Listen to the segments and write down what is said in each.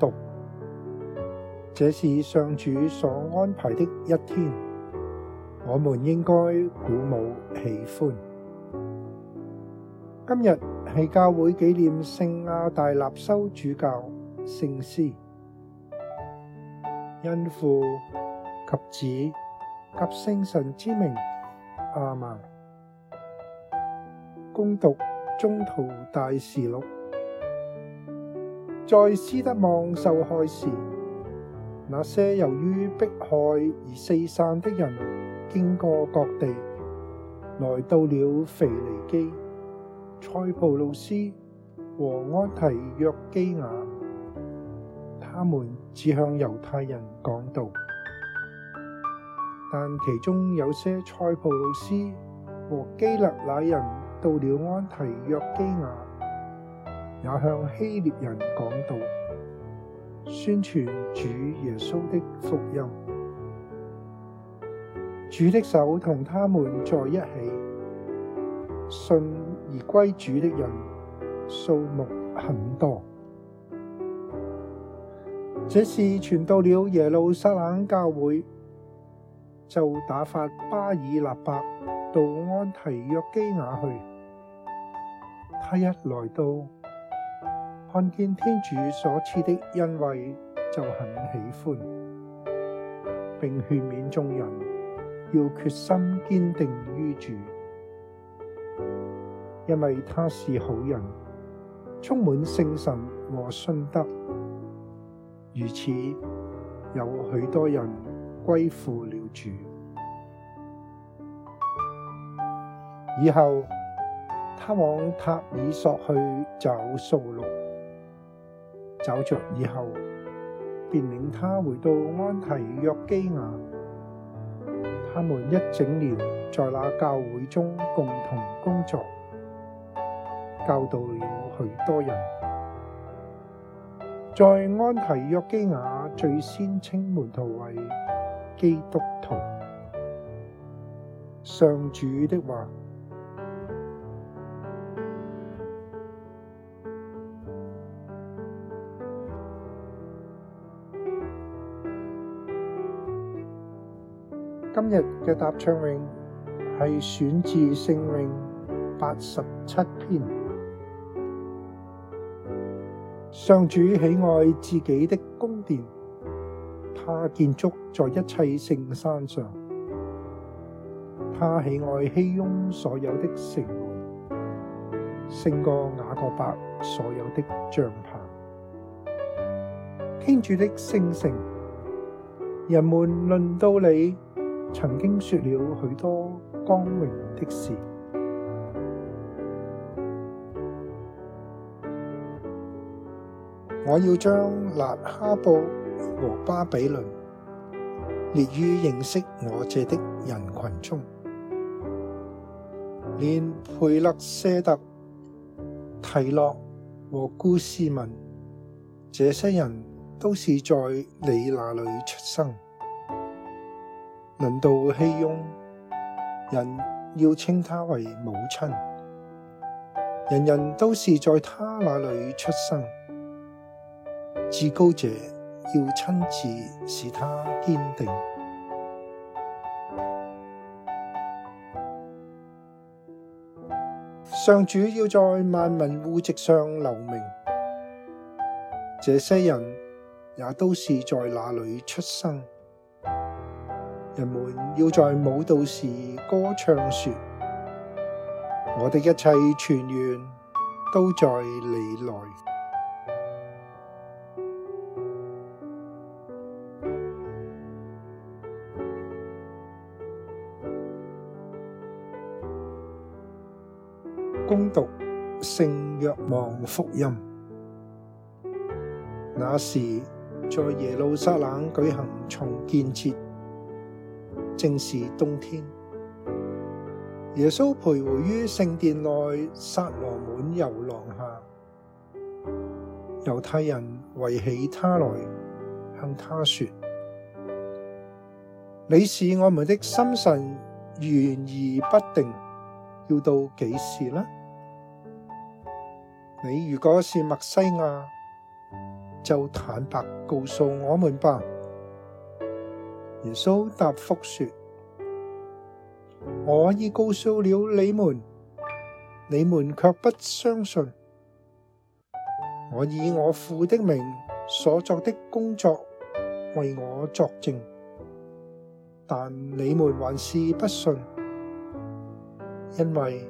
讀這是上主所安排的一天，我們應該鼓舞喜歡。在斯德望受害時，那些由於迫害而四散的人，經過各地，來到了腓尼基、塞浦路斯和安提約基雅。他們只向猶太人講道，但其中有些塞浦路斯和基勒乃人到了安提約基雅。也向希臘人講道，宣傳主耶穌的福音。主的手同他們在一起，信而歸主的人數目很多。這事傳到了耶路撒冷教會，就打發巴爾納伯到安提約基雅去。他一來到，看見天主所賜的恩惠，就很喜歡，並勸勉眾人要決心堅定於主，因為他是好人，充滿聖神和信德。如此，有許多人歸附了主。以後，他往塔爾索去找掃祿。找著以後，便領他回到安提約基雅。他們一整年在那教會中共同工作，教導了許多人。在安提約基雅，最先稱門徒為基督徒。上主的話。今日嘅答唱詠係選自聖詠八十七篇。上主喜愛自己的宮殿，他建築在一切聖山上。他喜愛熙雍所有的城門，勝過雅各伯所有的帳棚。天主的聖城，人們論到你。曾經說了許多光榮的事，我要將辣哈布和巴比倫，列於認識我者的人群中，連培肋舍特、提洛和僱士民，這些人都是在你那裏出生。論到熙雍，人要稱他為母親。人人都是在他那裏出生。至高者要親自使他堅定。上主要在萬民戶籍上留名，這些人也都是在那裏出生。人們要在舞蹈時歌唱說：我的一切泉源都在你內。恭讀聖若望福音，那時，在耶路撒冷舉行重建節。正是冬天，耶穌徘徊於聖殿內撒羅滿遊廊下，猶太人圍起他來，向他說：你使我們的心神懸疑不定，要到幾時呢？你如果是默西亞，就坦白告訴我們吧。耶穌答覆說：我已告訴了你們，你們卻不相信。我以我父的名所作的工作，為我作證，但你們還是不信，因為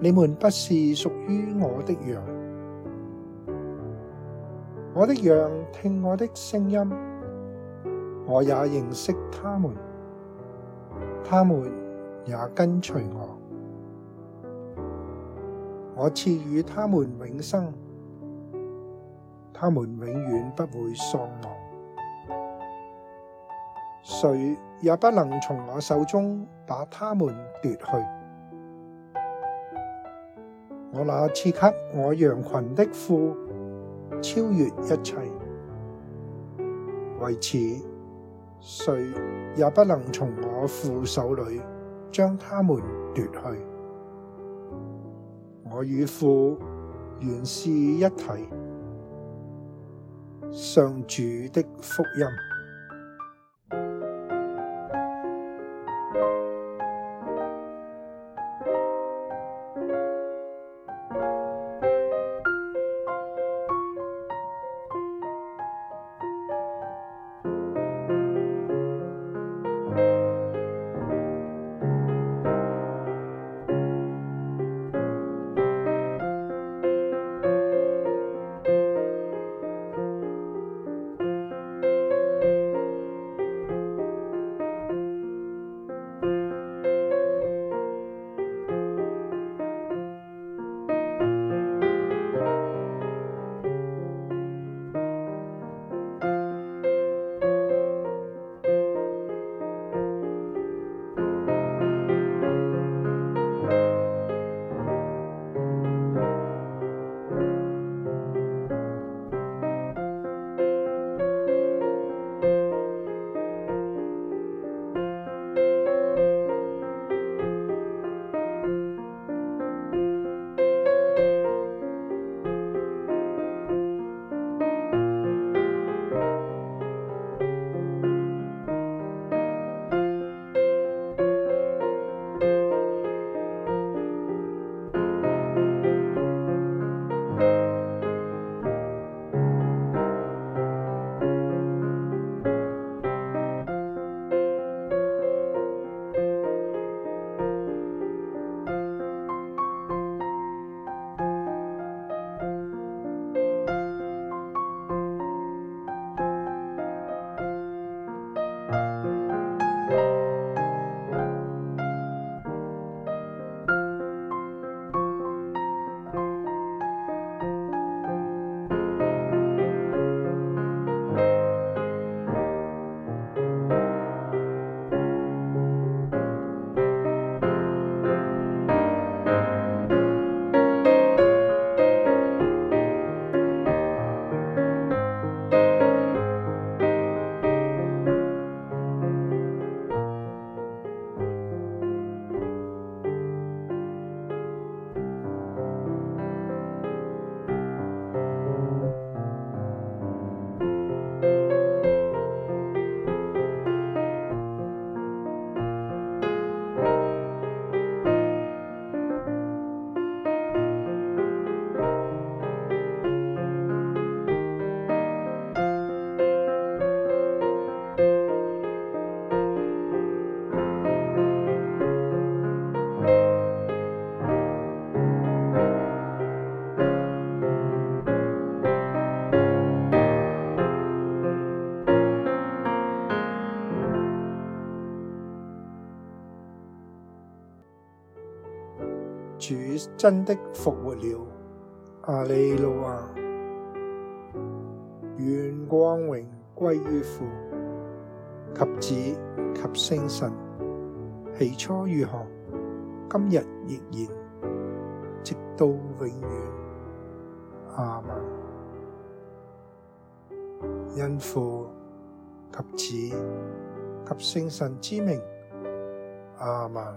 你們不是屬於我的羊。我的羊聽我的聲音。我也認識他們，他們也跟隨我。我賜予他們永生，他們永遠不會喪亡。誰也不能從我手中把他們奪去。我那賜給我羊群的父超越一切，為此，誰也不能從我父手裏將他們奪去，我與父原是一體。上主的福音。主真的復活了，阿利路亞！願光榮歸於父及子及聖神，起初如何，今日亦然，直到永遠。阿門。因父及子及聖神之名。阿門。